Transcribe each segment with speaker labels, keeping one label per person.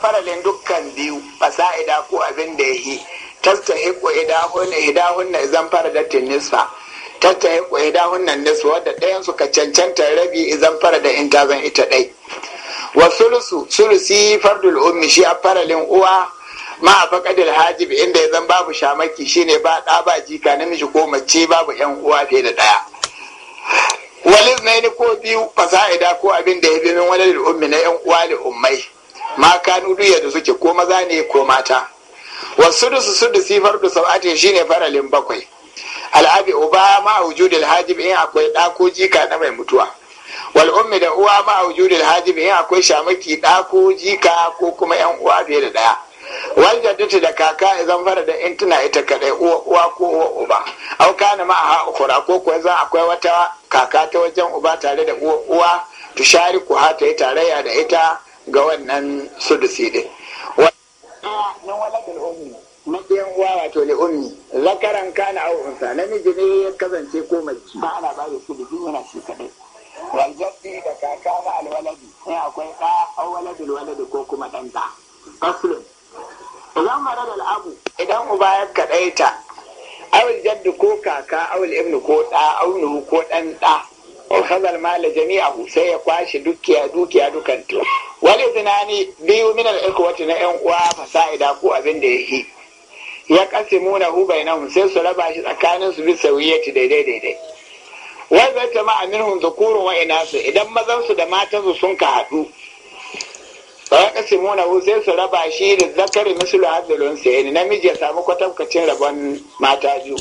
Speaker 1: faralin dukkan biyu fasa'ida ko abin da ya yi izan fara idahunna idan faradatin nisfa ida idahunna nisa wadda ɗayan suka ka cancanta rabi izan fara in ta ita ɗai wa sulusu sulusi fardul ummi shi a faralin uwa ma a faƙadil hajib inda ya zan babu shamaki shine ba ɗa ba jika namiji ko mace babu yan uwa fiye da ɗaya walis na ko biyu fasa'ida ko abin da ya bi min wani ummi na yan uwa da ummai maka kanu duya suke ko maza ne ko mata wasu dusu sudusi fardu sab'atin shine faralin bakwai al'abi uba ma wujudil hajib in akwai ɗako jika na mai mutuwa Wal'ummi da uwa ma wujudil hajib in akwai shamaki ɗako jika ko kuma yan uwa biye da ɗaya. wal jaddatu da kaka idan fara da intina ita kadai uwa ko uwa uba au kana ma ha ukura ko ko zan akwai wata kaka ta wajen uba tare da uwa tushari ku ha ta yi tarayya da ita ga wannan sudusi din na waladul ummi na ɗiyan uwa wato li ummi zakaran kana au unsa namiji ne ya kasance ko mace ba ana ba da sudusi yana shi kadai wal da kaka na alwaladi sai akwai ɗa au waladul waladi ko kuma ɗan ɗa faslun idan mara da abu idan uba ya kaɗaita Awul jaddu ko kaka awil ibnu ko ɗa aunu ko ɗan ɗa wa khazal mala jami'ahu sai ya kwashe dukiya dukiya dukan to wani zinani biyu min al-ikhwati na yan uwa fasaha, fasa'ida ko abin da yake ya kasimuna hu bainahum sai su raba shi tsakanin su bi sawiyati daidai daidai wai zai ta ma'a minhum dhukurun wa inasu idan mazan su da matansu sun ka haɗu wa kasimuna hu sai su raba shi da zakari mislu hadzulun sai namiji ya samu kwatankwacin rabon mata biyu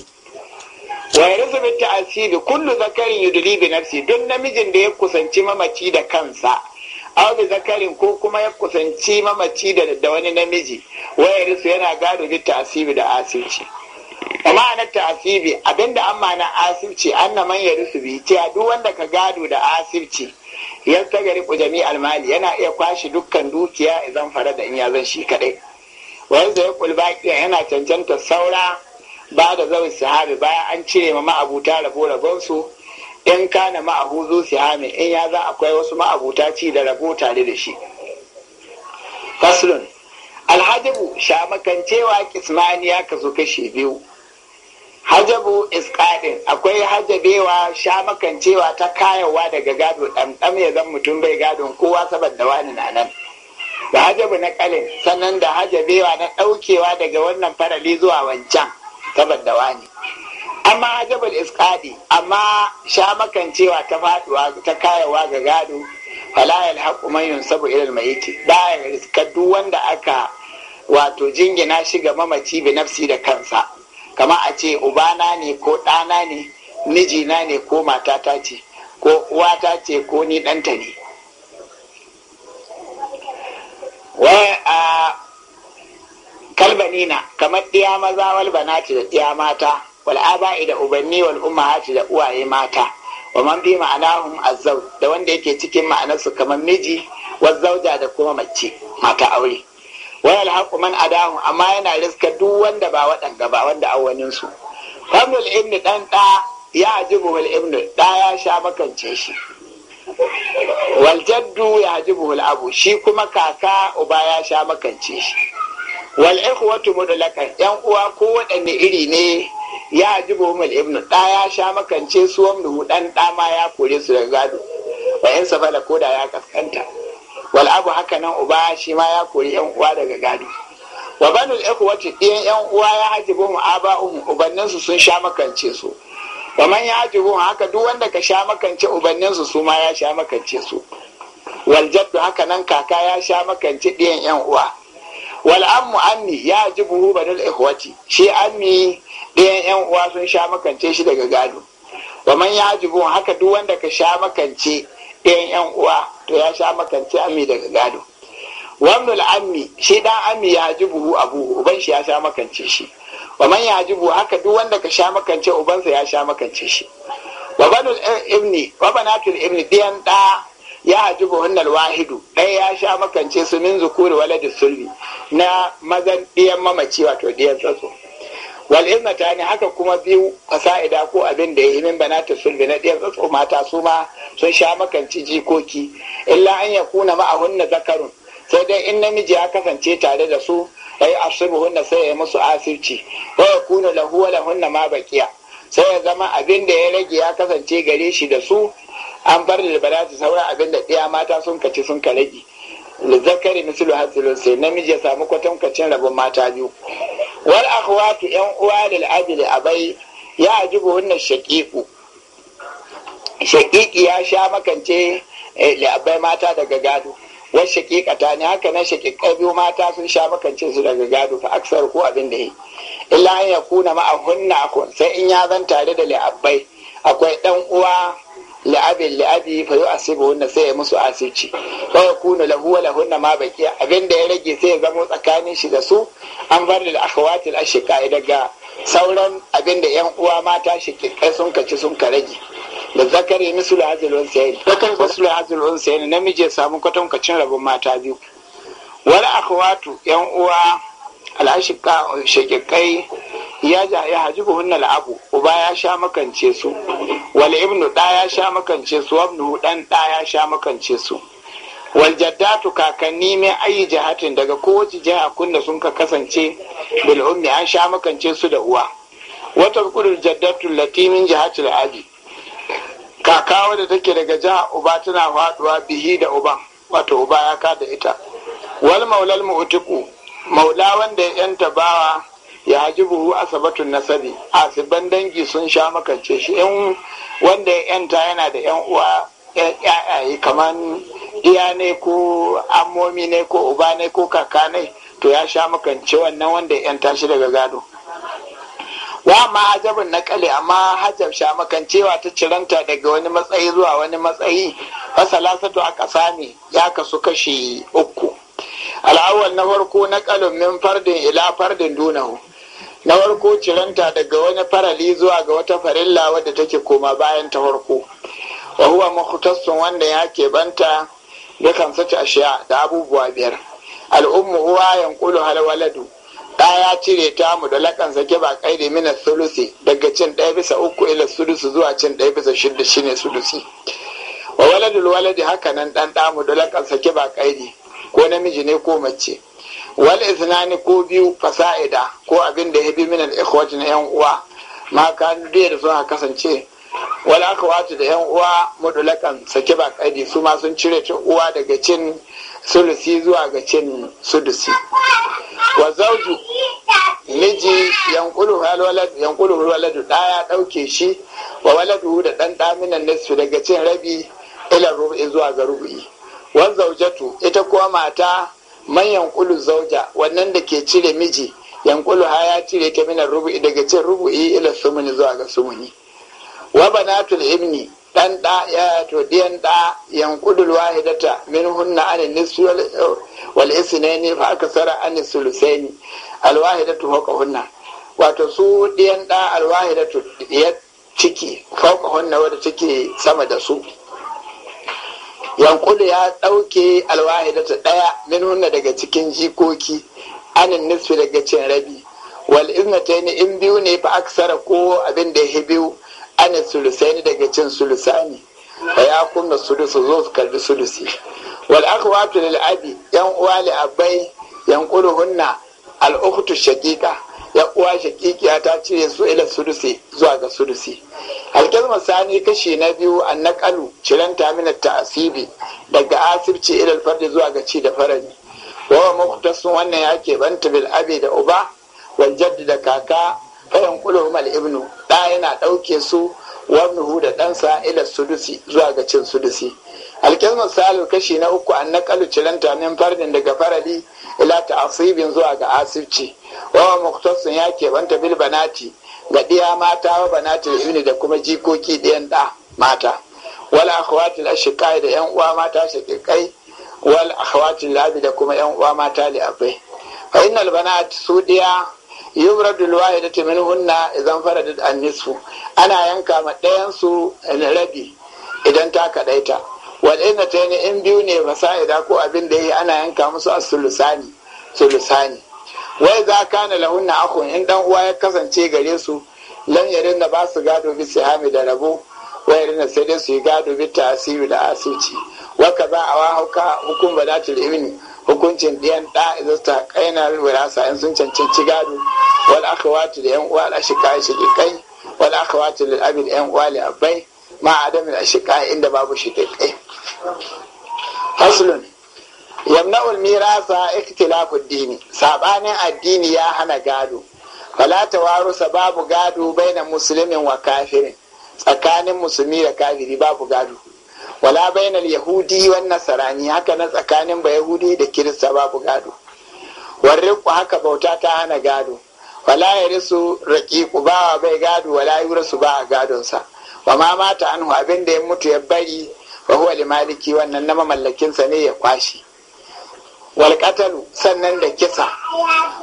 Speaker 1: wa yarzu ta asibi? kullu zakarin yudli bi nafsi duk namijin da ya kusanci mamaci da kansa aw bi zakarin ko kuma ya kusanci mamaci da, da wani namiji wa yarzu yana gado bi asibi da asirci amma ana ta'asibi abinda an mana asirci na man yarzu bi ta duk wanda ka gado da asirci ya tagari jami almali yana iya kwashe dukkan dukiya idan fara da in ya zan shi kaɗai. wanda ya kulba yana cancanta saura ba da zawi sahabi bayan an cire ma ma'abuta rabo rabonsu in kana ma'ahu zo sihami in ya za akwai wasu ma'abuta ci da rabo tare da shi faslun alhajabu shamakancewa kismani ya kaso kashe biyu hajabu iskaɗin akwai hajabewa shamakancewa ta kayawa daga gado ɗanɗan ya zan mutum bai gadon kowa saboda wani na nan da hajabu na kalin sannan da hajabewa na ɗaukewa daga wannan farali zuwa wancan gabar da wani amma jabal iskadi amma sha makancewa ta faduwa ta kayawa ga gado falayal haƙu man yunsabu ila almayyit ba ya wanda aka wato jingina shi ga mamaci bi nafsi da kansa kama a ce ubana ne ko ɗana ne mijina ne ko matata ce ko uwata ce ko ni ɗanta ne kalbanina kamar ɗiya maza wal banati da ɗiya mata wal aba'i da ubanni wal ummahati da uwaye mata wa man bi ma'anahum da wanda yake cikin ma'anarsu kamar miji wa zauja da kuma mace mata aure wa haqu man adahu amma yana riska duk wanda ba waɗanda ba wanda awanin su famul ibn dan da ya ajibu wal ibn da ya sha makance shi wal jaddu ya ajibu wal abu shi kuma kaka uba ya sha makance shi wal ikhwatu mudlakan yan uwa ko waɗanne iri ne ya jibo mal Ibn da ya sha makance su wamnu dan da ma ya kore su daga gado wa yan safala ko da ya kaskanta wal abu haka nan uba shi ma ya kori yan uwa daga gado wa banul ikhwati ɗiyan yan uwa ya hajibo mu aba'uhum ubannin su sun sha makance su wa man ya hajibo haka duk wanda ka sha makance ubannin su su ma ya sha makance su wal jaddu haka nan kaka ya sha makance ɗiyan yan uwa wal ammu ammi ya ji buhu badal ikhwati shi ammi ɗayan yan uwa sun sha makance shi daga gado wa man ya ji buhu haka duk wanda ka sha makance ɗayan yan uwa to ya sha makance ammi daga gado wannan ammi shi dan ammi ya ji buhu abu uban shi ya sha makance shi wa man ya ji buhu haka duk wanda ka sha makance ubansa ya sha makance shi wa banul eh, ibni wa banatul ibni ɗayan ɗa ya ajibu wannan wahidu ɗaya ya sha makance su min zukuri wala da sulbi na mazan ɗiyan mamaci wato ɗiyan tsatso wal ne haka kuma biyu fasa'ida ko abin da ya yi min banata sulbi na ɗiyan tsatso mata su ma sun sha makanci jikoki illa an ya kuna ma a hunna zakarun sai dai in namiji ya kasance tare da su ai hunna sai ya musu asirci wa kuna lahu wa hunna ma baqiya sai ya zama abin da ya rage ya kasance gare shi da su an bar da su saura abin da ɗaya mata sun kaci sun ka rage zakari mislu hasilun sai namiji ya samu kwatankwacin rabin mata biyu wal akhwatu yan uwa lil ajli abai ya ajibu wannan shaqiqu shaqiqi ya sha makance eh, labai mata daga gado wa shaqiqata ne haka na shaqiqai biyu mata sun sha makance su daga gado fa aksar ko abin da yi illa an yakuna ma'a hunna akun sai in ya zan tare da li'abbai. akwai dan uwa la'abin la'abi fa yi asibu wanda sai ya musu asirci fa yakunu lahu wa lahunna ma abin abinda ya rage sai ya zama tsakanin shi da su an bar da akhawati al daga sauran abinda yan uwa mata shi kai sun kaci sun ka rage da zakari mislu hazil unsayin zakari mislu hazil namiji ya samu kwatankwacin rabin mata biyu wal akhawatu yan uwa al ashiqa shaqiqai ya ja ya haji hunna abu. uba ya sha makance su wal ibnu da ya sha makance su wabnu dan da ya sha makance su wal jaddatu kakanni mai ayi jahatin daga kowace jiha kunna sun ka kasance bil ummi an sha makance su da uwa wata kudur jaddatu latimin jihatil aji kakawa da take daga jiha uba tana faduwa bihi da uban wato uba ya ka da ita wal maulal mu'tiku maula wanda ya yanta bawa ya hajibuhu asabatun nasabi asiban dangi sun sha makance shi in wanda ya yanta yana da yan uwa yayaye kamar iya ne ko amomi ne ko uba ne ko kaka ne to ya sha makance wannan wanda ya yanta shi daga gado wa ma na naƙali amma hajab sha makancewa ta ciranta daga wani matsayi zuwa wani matsayi fasalasatu a ƙasa ne ya kasu kashi uku al'awwal na farko naƙalin min fardin ila fardin dunahu na farko ciranta daga wani farali zuwa ga wata farilla wadda take koma bayan ta farko wa huwa wanda ya banta da kan sace ashiya da abubuwa biyar al'ummu uwa yankulu hal waladu da ya cire ta mu da lakan sake ba kaidi mina sulusi daga cin ɗaya bisa uku ila sulusi zuwa cin ɗaya bisa shida shine sulusi wa waladul waladi haka nan ɗan ɗa mu da lakan sake ba ko namiji ne ko mace wal iznani ko biyu fasa'ida ko abin da ya bi min al na yan uwa ma kanu da suna kasance wal akhwati da yan uwa mudulakan sake ba kaidi su ma sun cire ta uwa daga cin sulusi zuwa ga cin sudusi wa zauju miji hal walad yankulu waladu da ya dauke shi wa waladu da dan minan nasu daga cin rabi ila rubu zuwa ga rubu wa zaujatu ita kuwa mata man yankulu zauja wannan da ke cire miji yankulu ha ya cire ta mina rubu'i daga cin rubu'i ila sumuni zuwa ga sumuni wa banatul ibni dan da ya to diyan da yankulu wahidata min hunna an nisfi wal isnani fa akthara an sulusaini al wahidatu fawqa hunna wato su diyan da al wahidatu ciki fawqa hunna wanda take sama da su yankulu ya ɗauke alwahidata ɗaya min hunna daga cikin jikoki anin nisfi daga cin rabi wal iznataini in biyu ne fa aksara ko abin da ya biyu anin sulusaini daga cin sulusani fa ya kunna sulusu zo su karbi sulusi wal akhwatu lil abi yan uwa li abai yankulu hunna al ukhtu ya uwa shakikiya ta cire su ila sudusi zuwa ga sudusi alƙalmar sani kashi na biyu an naƙalu ciren ta asibi daga asibci ila fardi zuwa ga ci da farari wawa sun wannan ya ke banta bil abi da uba wal jaddi da kaka fayan kulo mal ibnu da yana ɗauke su hu da ɗansa ila sudusi zuwa ga cin sudusi alƙismus salu kashi na uku an naƙalu ciranta min fardin daga faradi ila ta asibin zuwa ga asibci wawa muktasun ya keɓanta bil banati ga ɗiya mata wa banati ibni da kuma jikoki ɗiyan ɗa mata wal akhwatil ashiqai da yan uwa mata ƙirƙai, wal akwatin labi da kuma yan uwa mata li abai fa innal banat su ɗiya yubradu alwahidatu minhunna idan faradat an nisfu ana yanka ma ɗayan su rabi idan ta kaɗaita wadanna ta yi in biyu ne masa'ida ko abin da yi ana yanka musu a sulusani sulusani wai za ka na lahunna akun in dan uwa ya kasance gare su lan yarin da ba su gado bi hami da rabo wai yarin sai dai su yi gado bi tasiri da asirci waka za a wahauka hukum badatul ibni hukuncin ɗiyan ɗa idan ta kaina in sun cancanci gado wal akhawatu da yan uwa al shi da wal akhawatu aka wata da yan uwa da abai ma adamin ashika inda babu shi kai. faslun yamna'ul mirasa ikhtilafu dini Saɓanin addini ya hana gado fala warusa babu gado baina musulmin wa kafirin tsakanin musulmi da kafiri babu gado wala bainal yahudi wan nasarani haka na tsakanin ba yahudi da kirista babu gado warriku haka bauta ta hana gado wala ya risu raƙiƙu bawa bai gado wala yi su ba a gadonsa wa ma mata anhu abin da ya mutu ya bari wa limaliki wannan na mamallakinsa ne ya kwashi wal sannan da kisa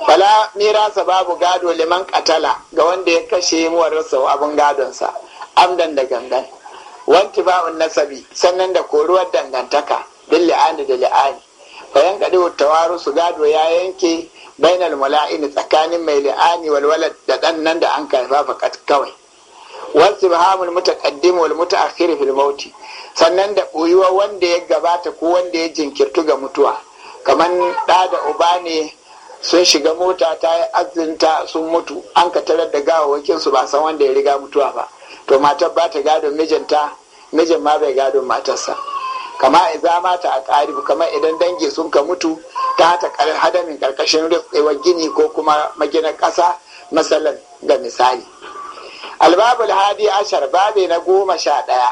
Speaker 1: wala mirasa babu gado liman katala ga wanda ya kashe muwarsa abun gadonsa amdan da gangan wanti ba'un nasabi sannan da koruwar dangantaka bil li'ani da li'ani bayan kadi tawaru su gado ya yanke bainal mula'ini tsakanin mai li'ani walwala da dan nan da an karfafa kawai wasu rahamun mutaƙaddim wal mutaakhir fil mauti sannan da buyuwa wanda ya gabata ko wanda ya jinkirtu ga mutuwa kamar ɗa da uba ne sun shiga mota ta yi azinta sun mutu an ka tarar da gawawakin su ba san wanda ya riga mutuwa ba to matar ba ta gadon mijinta mijin ma bai gadon matarsa kama iza mata a ƙaribu kamar idan dangi sun ka mutu ta ta hadamin ƙarƙashin wa gini ko kuma maginar ƙasa masalan ga misali albabul hadi ashar babe na goma sha ɗaya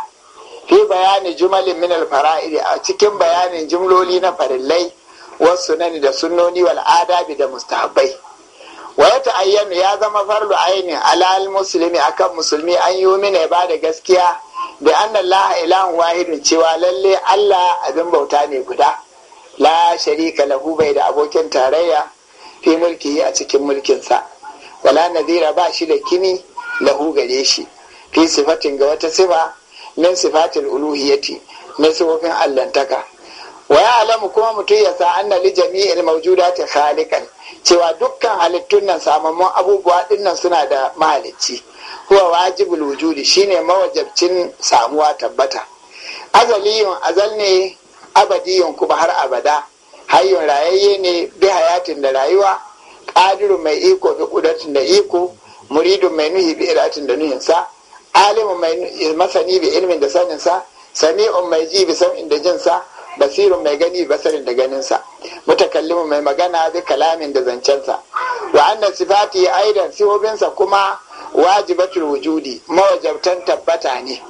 Speaker 1: fi bayani jumalin min alfara'id a cikin bayanin jimloli na farillai wasu nani da sunnoni wal adabi da mustahabbai wa ya ya zama farlu aini alal muslimi akan musulmi an yi mina ya bada gaskiya da laha Allah ilahun wahidun cewa lallai Allah abin bauta ne guda la sharika lahu bai da abokin tarayya fi mulki a cikin mulkinsa wala Nazira ba shi da kini lahu gare shi fi sifatin ga wata sifa min sifatin uluhiyati min sifofin allantaka wa ya alamu kuma mutum ya sa anna li jami'il mawjudati khaliqan cewa dukkan halittun nan samamman abubuwa dinnan suna da mahalicci huwa wajibul wujudi shine mawajabcin samuwa tabbata azaliyun azal ne abadiyun kuma har abada hayyun rayayye ne bi hayatin da rayuwa ƙadiru mai iko bi kudatin da iko muridun mai nuhi bi iratin da nuhinsa alimun mai masani bi ilmin da saninsa sami'un mai ji bi sam'in da jinsa basirun mai gani basarin da ganinsa mutakallimun mai magana bi kalamin da zancensa wa annan sifati aidan sihobinsa kuma wajibatul wujudi mawajabtan tabbata ne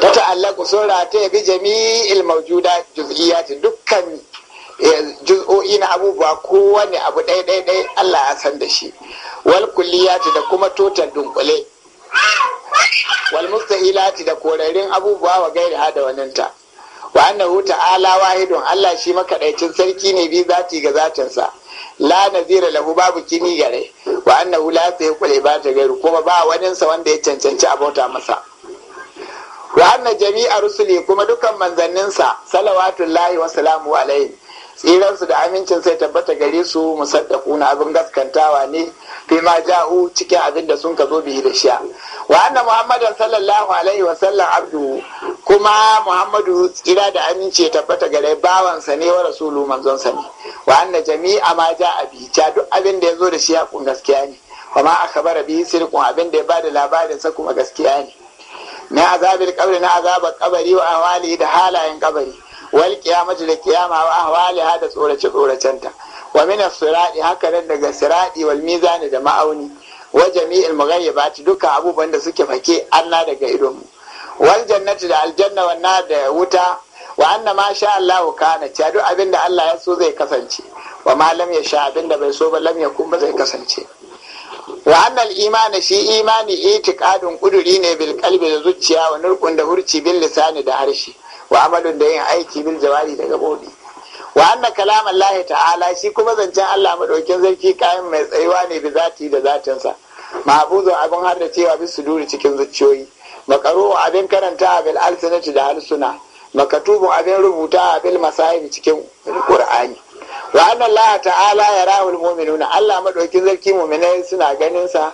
Speaker 1: ta ta'allaku sura ta bi jami'il mawjuda juz'iyyati dukkan juz'o'i na abubuwa kowane abu ɗaya ɗaya Allah ya san da shi wal kulliyati da kuma total dunkule wal mustahilati da korarin abubuwa wa gairi hada waninta wa annahu ta'ala wahidun Allah shi makadaicin sarki ne bi zati ga zatinsa la nazira lahu babu kini gare wa annahu la sayqul ibada gairu kuma ba waninsa wanda ya cancanci abota masa wa anna jami'a rusuli kuma dukan manzanninsa salawatullahi wa salamu alaihi tsiransu da amincin sai tabbata gare su na abin gaskantawa ne fi ma ja'u cikin abin da sun ka zo bihi da sha wa Muhammadu muhammadan sallallahu alaihi wa sallam abdu kuma muhammadu tsira da aminci tabbata gare bawansa ne wa rasulu manzon sa ne wa jami'a ma ja'a bihi ja duk abin da ya zo da shi ya kun gaskiya ne wa ma bara bihi sirqun abin da ya bada labarin sa kuma gaskiya ne na azabil na azabar kabari wa awali da halayen kabari wal kiyamati da kiyama wa ahwali da tsorace tsoracenta wa min as-sirati haka nan daga sirati wal mizani da ma'auni wa jami'il mughayyibati duka abubuwan da suke fake anna daga idon mu wal jannati da aljanna wan nar da wuta wa anna ma sha Allah kana ta duk abinda Allah ya so zai kasance wa ma lam ya sha abin bai so ba lam yakun ba zai kasance wa annal imani shi imani itiqadun kuduri ne bil qalbi da zuciya wa nurqun da hurci bil lisani da harshe wa amalun da yin aiki bil jawari daga bodi wa anna kalam Allah ta'ala shi kuma zancen Allah madaukin zarki kayan mai tsayuwa ne bi zati da zatinsa mahfuzun abin har da cewa bi suduri cikin zuciyoyi makaro abin karanta bil alsinati da harsuna. makatubu abin rubuta bil masahibi cikin qur'ani wa anna Allah ta'ala yarahu mu'minuna Allah madaukin zarki mu'minai suna ganin sa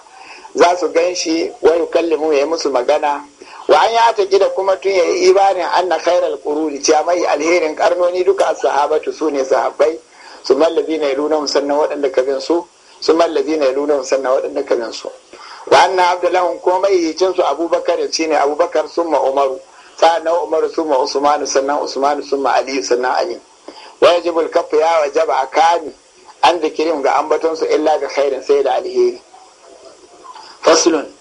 Speaker 1: za su gan shi wa yukallimu ya musu magana wa an ya ta da kuma tun yayi ibanin anna khairal quruni cewa mai alherin karnoni duka sahabatu su ne sahabbai su mallabi na yaluna musanna waɗanda ka bin su su mallabi na yaluna musanna waɗanda ka bin su wa anna abdullahun ko mai yicin su abubakar shine abubakar summa umaru na umaru summa usmanu sannan usmanu summa Aliyu sannan ali wa yajibul kaffu ya wajaba akani an da kirim ga ambaton illa ga kairin sai da alheri faslun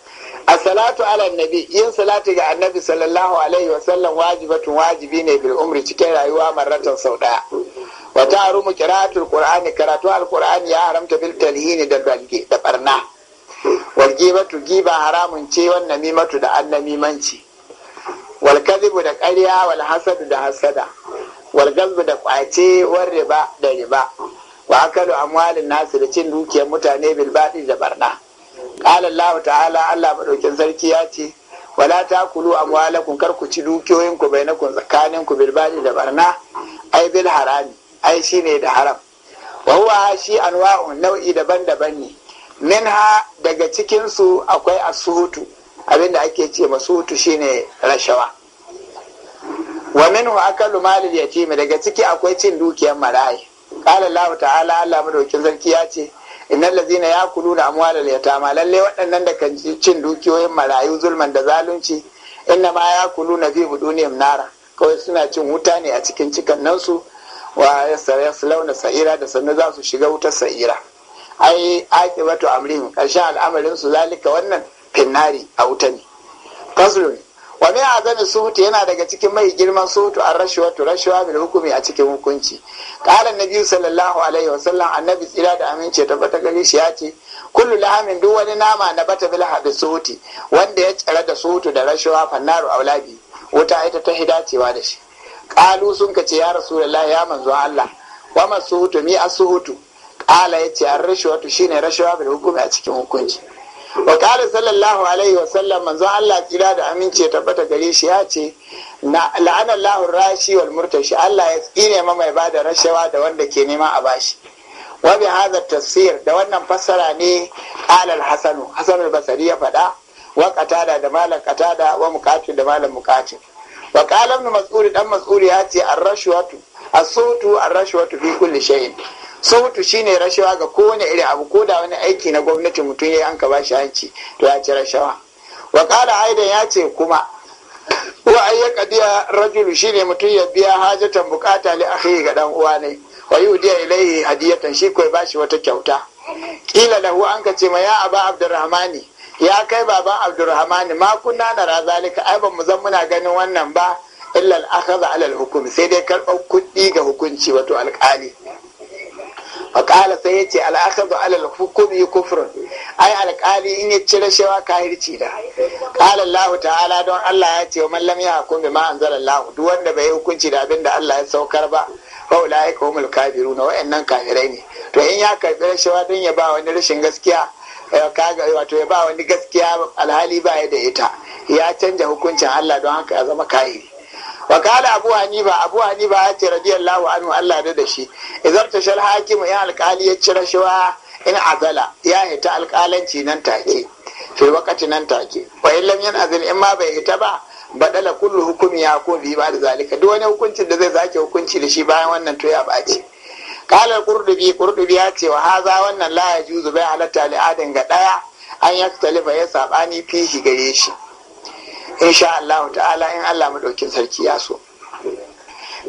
Speaker 1: a salatu ala nabi yin salatu ga annabi sallallahu alaihi wa sallam wajibatun wajibi ne bil umri cikin rayuwa marratan sau daya wa ta'arumu qira'atul qur'ani karatu alqur'ani ya haramta bil talhini da dalge da barna wal gibatu giba haramun ce wannan mimatu da annami manci. wal kadhibu da ƙarya wal hasadu da hasada wal gazbu da kwace wal riba da riba wa akalu amwalin nasu da cin dukiyar mutane bil da barna qala Allah ta'ala Allah madaukin sarki ya ce wala takulu amwalakum kar ku ci dukiyoyin ku bainakum tsakanin ku bil bali da barna ai bil harami ai shine da haram wa huwa shi anwa'un nau'i daban-daban ne minha daga cikin su akwai asuhutu abinda ake ce masuhutu shine rashawa wa minhu akalu malil yatimi daga ciki akwai cin dukiyar marayi qala Allah ta'ala Allah madaukin sarki ya ce Inna innal ladzina yakuluna amwalal ma lalle waɗannan da kan cin dukiyoyin marayu zulman da zalunci inna ma ya fi budunihim nara kawai suna cin wuta ne a cikin cikan su wa yaslauna sa'ira da sannu za su shiga wutar sa'ira ai batu amrin ƙarshen al'amarin su zalika wannan finnari a wuta ne faslun wa min azami suhutu yana daga cikin mai girman suhutu an rashuwa tu rashuwa bil hukumi a cikin hukunci qala Nabi'u sallallahu alaihi sallam annabi tsira da amince tabbata gari shi ya ce kullu lahamin duk wani nama na bata bil hadi suhuti wanda ya tsara da suhutu da rashuwa fannaru aulabi wuta ita ta hidacewa da shi qalu sun kace ya rasulullahi ya manzo Allah wa masuhutu mi asuhutu qala yace an rashuwa shine rashuwa bil hukumi a cikin hukunci wa ƙara sallallahu alaihi wasallam manzon Allah tsira da amince tabbata gare shi ya ce la'ana Allahun rashi wal murtashi Allah ya tsine ma mai bada rashawa da wanda ke nema a bashi wa bi hadha tafsir da wannan fassara ne alal hasanu hasan basari ya faɗa wa qatada da malam qatada wa muqatil da malam muqatil wa qala ibn mas'ud dan mas'ud ya ce ar-rashwatu as-sutu ar-rashwatu fi kulli shay'in sautu shine rashawa ga kowane iri abu ko da wani aiki na gwamnati mutum ya anka ka shi hanci to ya ci rashawa wa kala aidan ya ce kuma wa ayyaka biya rajulu shine mutum ya biya hajatan bukata li akhi ga dan uwa ne wa yudiya ilayhi hadiyatan shi ko bashi wata kyauta kila lahu an ka ce ma ya aba abdurrahmani ya kai baban abdurrahmani ma kunna na razalika ai ban mu zan muna ganin wannan ba illa al-akhadha ala al sai dai karɓar kuɗi ga hukunci wato alƙali faƙala sai ya ce al'akadu alal hukumi kufrun ai alƙali in ya ci rashawa kahirci da ƙala Allah ta'ala don Allah ya ce wa mallam ya hukumi ma anzalallahu duk wanda bai hukunci da abin da Allah ya saukar ba faula ya kawumul kabiru na wa'annan kafirai ne to in ya karɓi rashawa don ya ba wani rashin gaskiya wato ya ba wani gaskiya alhali ba ya da ita ya canja hukuncin Allah don haka ya zama kahiri wakala abu hanifa abu hanifa ya ce radiyallahu anhu Allah da shi idan tashar hakimu ya alkali ya ci rashawa in azala ya hita alkalanci nan take fi wakati nan take Wa in lam yanazil in ma bai hita ba badala kullu hukumi ya ko bi ba da zalika duk wani hukuncin da zai zake hukunci da shi bayan wannan to ya baci kala qurdubi qurdubi ya ce wa haza wannan la yajuzu bai halatta li adin ga daya an yaktalifa ya sabani fihi gare shi insha Allah ta'ala in Allah madaukin sarki ya so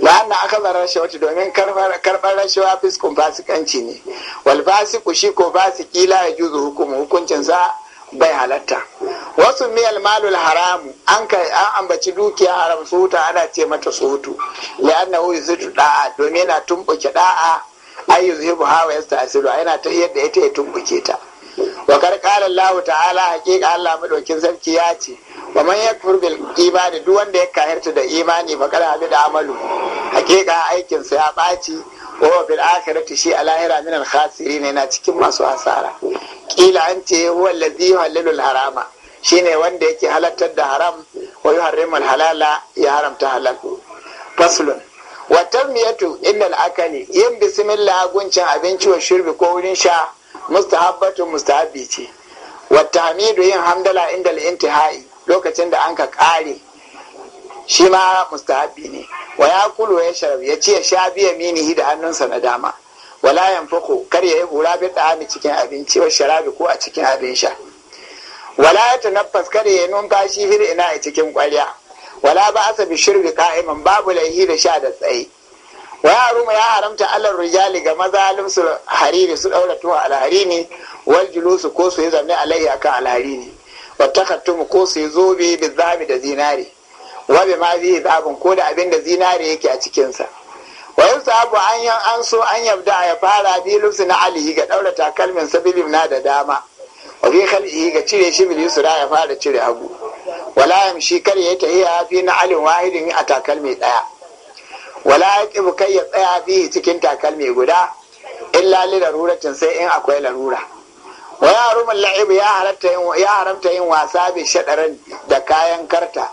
Speaker 1: la aka bar rashawa domin karbar rashawa fiskun fasikanci ne wal fasiku shi ko fasiki la ya juzu hukumu hukuncin sa bai halatta wasu miyal malul haramu an kai an ambaci dukiya haram suta ana ce mata sutu anna hu yuzitu da'a domin yana tumbuke da'a ay yuzhibu hawa yastasiru yana ta yadda ita ya tumbuke ta wa karqala Allah ta'ala haqiqa Allah madaukin sarki ya ce wa man yakfur bil imani duk wanda ya kahirta da imani fa kada bi da amalu hakika aikin sa ya baci wa bil akhirati shi a lahira min al ne na cikin masu asara kila an ce huwa allazi yuhallilu al harama shine wanda yake halartar da haram wa yuharrimu al halala ya haramta halal faslun wa tamiyatu inda ne. yin bismillah guncin abinci wa shirbi ko wurin sha mustahabbatu mustahabbi ce wa tahmidu yin hamdala inda intiha'i lokacin da an ka ƙare shi ma mustahabi ne wa ya kulu ya sharabi ya ce ya sha biya minihi da hannunsa na dama wala fuku kar ya yi hura bi ta'ami cikin abinci wa sharabi ko a cikin abin sha wala ya tanaffas kar ya numfashi hir ina a cikin ƙwarya wala ba asa bi shirbi ka'iman babu laihi da sha da tsaye wa ya ya haramta allar rijali ga maza su hariri su daura tuwa alharini wal julusu ko su yi zamne alaihi akan alharini fatakatum ko su zobe bi zabi da zinare wa bi ma zai zabin ko da abin da zinare yake a cikinsa wa sabu an yan an so an yabda ya fara bi lusu na ali ga daura takalmin sabili na da dama wa bi khalqihi ga cire shi su da ya fara cire abu? wala yamshi kar ya ta tahiya fi na alin wahidin a takalmi daya wala bu kai ya tsaya fi cikin takalmi guda illa li sai in akwai larura wa ya haru mallaibu ya haramta yin wasa bi shadaran da kayan karta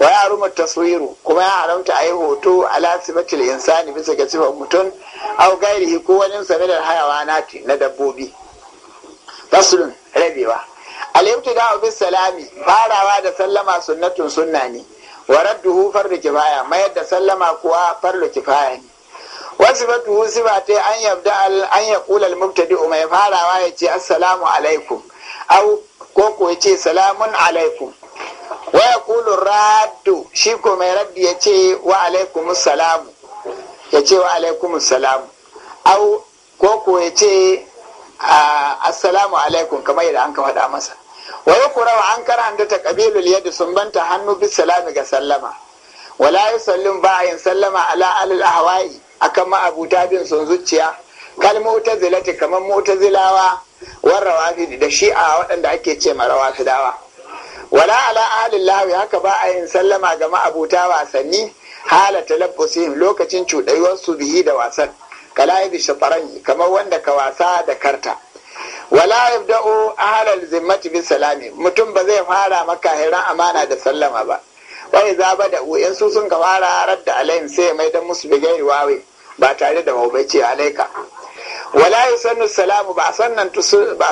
Speaker 1: wa ya haru taswiru kuma ya haramta a yi hoto ala sifatil insani bisa ga sifar mutum au gairihi ko wani sanadar hayawa nati na dabbobi fasulun rabewa alimtu da abin salami farawa da sallama sunnatun sunna ne wa radduhu farlu kifaya mayar da sallama kuwa farlu kifaya ne wasu batu ba ta an yabda an ya kulal mubtadi'u mai farawa ya ce assalamu alaikum au ko ko ya ce salamun alaikum wa ya kulu raddu shi ko mai raddi ya ce wa alaikum salamu ya ce wa alaikum salamu au ko ko ya ce assalamu alaikum kamar yadda an kama faɗa masa wa yukura an karanta ta kabilul yadda sun banta hannu bis salami ga sallama wala yusallin ba yin sallama ala alil ahwa'i akan ma'abuta bin sun zuciya kal zilati kamar zilawa war rawafid da shi'a waɗanda ake ce ma dawa. wala ala ahlil lawi haka ba a yin sallama ga ma'abuta wasanni hala talaffusihim lokacin cuɗayuwar bihi da wasan kala bi shafaran kamar wanda ka wasa da karta wala yabda'u ahlal zimmati bi salami mutum ba zai fara maka hiran amana da sallama ba wani za ba da uyan su sun gaba rarar da alayin sai mai da musu bigai wawe ba tare da mawbaci alaika wala sannu salamu ba sannan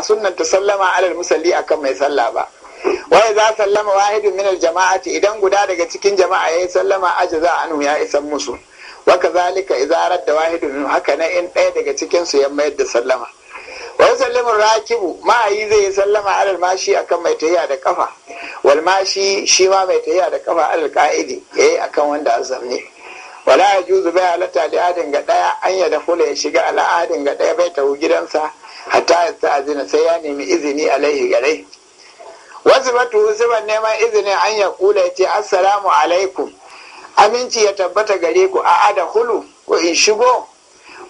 Speaker 1: sunan ta sallama alal musalli akan mai sallah ba wani za sallama wahidun min ce jama'ati idan guda daga cikin jama'a ya yi sallama a nu ya isan musu wa zalika izarar da wahidun haka na in ɗaya daga cikin su ya mayar da sallama wa sallama rakibu ma'ayi zai yi sallama alal mashi akan mai tahiya da kafa wal mashi shi ma mai tahiya da kafa alal ka'idi yayi akan wanda azamne wala yajuzu bai halatta adin ga daya an ya dafula ya shiga al'adin ga daya bai tahu gidansa hatta ya ta'azina sai ya nemi izini alaihi gare wasu batu ban neman izinin an ya kula ya ce assalamu alaikum aminci ya tabbata gare ku a'a da hulu ko in shigo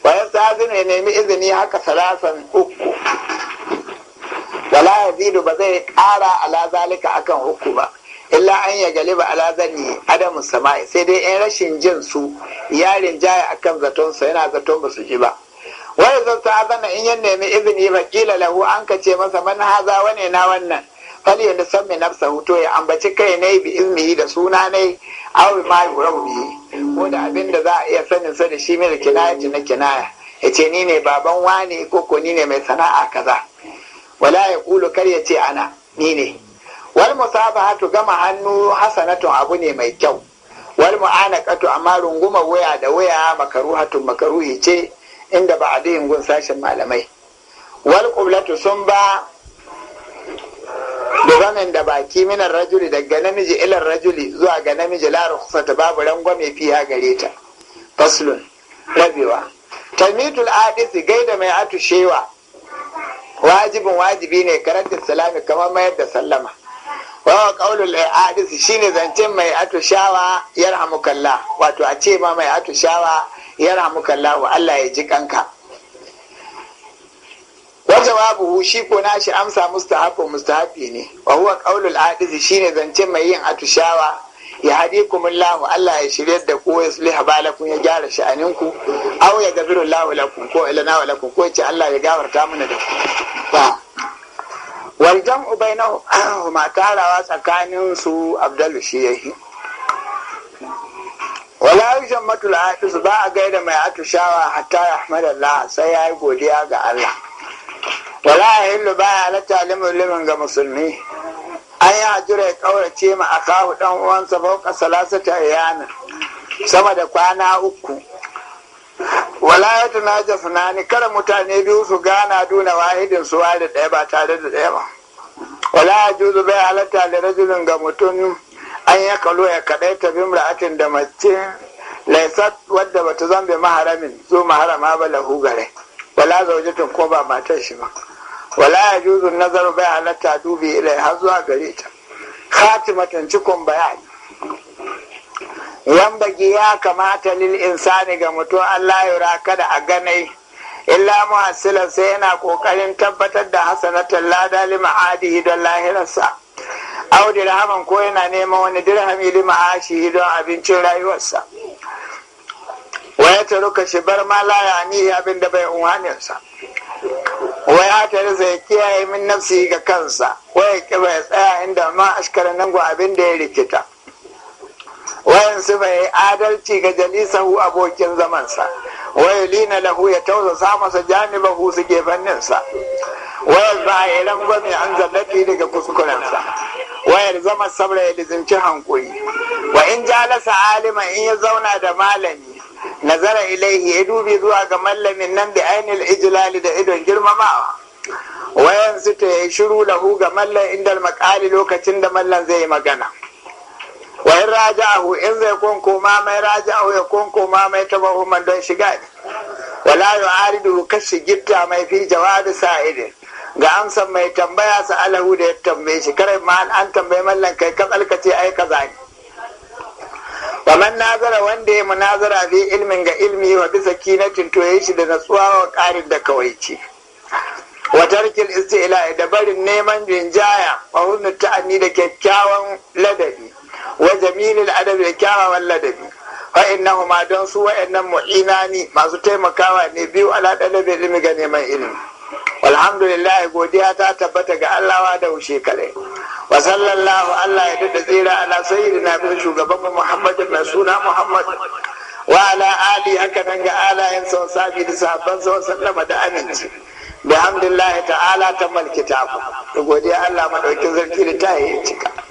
Speaker 1: wa yasta'zinu ya nemi izini haka salasan uku wala yazidu ba zai ƙara ala zalika akan uku ba illa an ya galiba ala zani adamu sama'i sai dai in rashin jin su yarin jaya akan zaton sa yana zaton ba su ji ba wai zan zana in ya nemi izini ba kila lahu an ka ce masa man haza wane na wannan fal ya nisammi nafsa hutu ya ambaci kai ne bi izini da suna ne awi ma wura wuri ko da abin da za a iya sanin sa da shi da kinaya na kinaya ya ce ni ne baban wani ko ko ni ne mai sana'a kaza wala ya kulu kar ya ce ana ni ne wal hatu gama hannu hasanatun abu ne mai kyau wal mu'anaqatu amma runguma waya da waya makaru makaruhi ce inda ba a gun sashen malamai wal qiblatu sun ba da da baki minar rajuli daga namiji ilar rajuli zuwa ga namiji kusa ta babu rangwame fiya gare ta faslun rabewa talmitul adisi gaida mai atushewa wajibin wajibi ne karantar salami kamar mayar da sallama wawa kaulul adisi shine zancen mai atushawa yarhamukallah wato a ce ma mai atushawa yarhamukallah Allah ya ji kanka wa jawabuhu shi ko nashi amsa mustahabu mustahabi ne wa huwa qaulul adizi shine zance mai yin atushawa ya hadikum Allah Allah ya shirye da ku ya sulha balakum ya gyara sha'aninku aw ya gabiru Allah lakum ko ilana wa lakum ko ce Allah ya gawarta mana da ku wal jam'u bainahuma tarawa tsakanin su abdalu shi wala wala al atis ba a gaida mai atushawa hatta Ahmadallah sai yayi godiya ga Allah wala yahillu ba halatta limin ga musulmi an yi hajjura ya kaurace ma a kawo dan uwansa fauka yi ayyamin sama da kwana uku wala ya tuna kada mutane biyu su gana duna wahidin su da ɗaya ba tare da ɗaya ba wala ya juzu bai halatta da rajulun ga mutum an ya kalo ya kaɗai ta bimra'atin da mace laisat wadda bata zambe maharamin zo maharama ba lahu wala zaujatun ko ba matar shi ba wala ya juzu nazar bai halatta dubi ilai har zuwa gare ta khatimatan cikon bayani yambagi ya kamata lil insani ga mutum Allah ya kada a ganai illa muhassilan sai yana kokarin tabbatar da hasanatan lada li ma'adihi don lahirarsa au dirhaman ko yana neman wani dirhami li ashi don abincin rayuwarsa wa ya taruka shi bar ma la ya abin da bai unhaninsa wai rasa ya kiyaye min nafsi ga kansa wai ki ya tsaya inda ma ashkara nan go abin da ya rikita wayan su bai adalci ga jalisahu abokin zamansa wai lina lahu ya tausasa masa hu su sa wayar za a yi mai an zallafi daga kuskurensa wayar zama sabra ya lizinci hankuri wa in jalasa alima in ya zauna da malami nazara ilaihi ya dubi zuwa ga mallamin nan da ainihin ijilali da idon girmamawa wayan su ta yi shiru lahu ga mallan inda makali lokacin da mallam zai yi magana wayan raja'ahu in zai konkoma mai raja'ahu ya konkoma mai tabahuman don shiga ne wala yu'aridu kashi gitta mai fi jawabi sa'ide ga amsan mai tambaya sa'alahu da ya tambaye shi kare ma an tambaye mallam kai ka ce ai kaza ne faman nazara wanda ya munazara bi ilmin ga ilmi wa bisa kinatin to yayi shi da natsuwa wa ƙarin da kawaici wa tarkil istila da barin neman rinjaya wa hunu ta'ani da kyakkyawan ladabi wa jamilil adabi da kyawawan ladabi fa huma don su wa'annan mu'inani masu taimakawa ne biyu ala dalabi ilmi ga neman ilmi alhamdulillah godiya ta tabbata ga Allah da ushe kale wa sallallahu Allah ya da tsira ala sayyidina bin shugaban mu Muhammad na suna Muhammad wa ala ali haka nan ga alayen sa sabi da sahabban sa sallama da aminci bihamdillah ta'ala ta malkita ku godiya Allah madaukin zarki da ta yi cika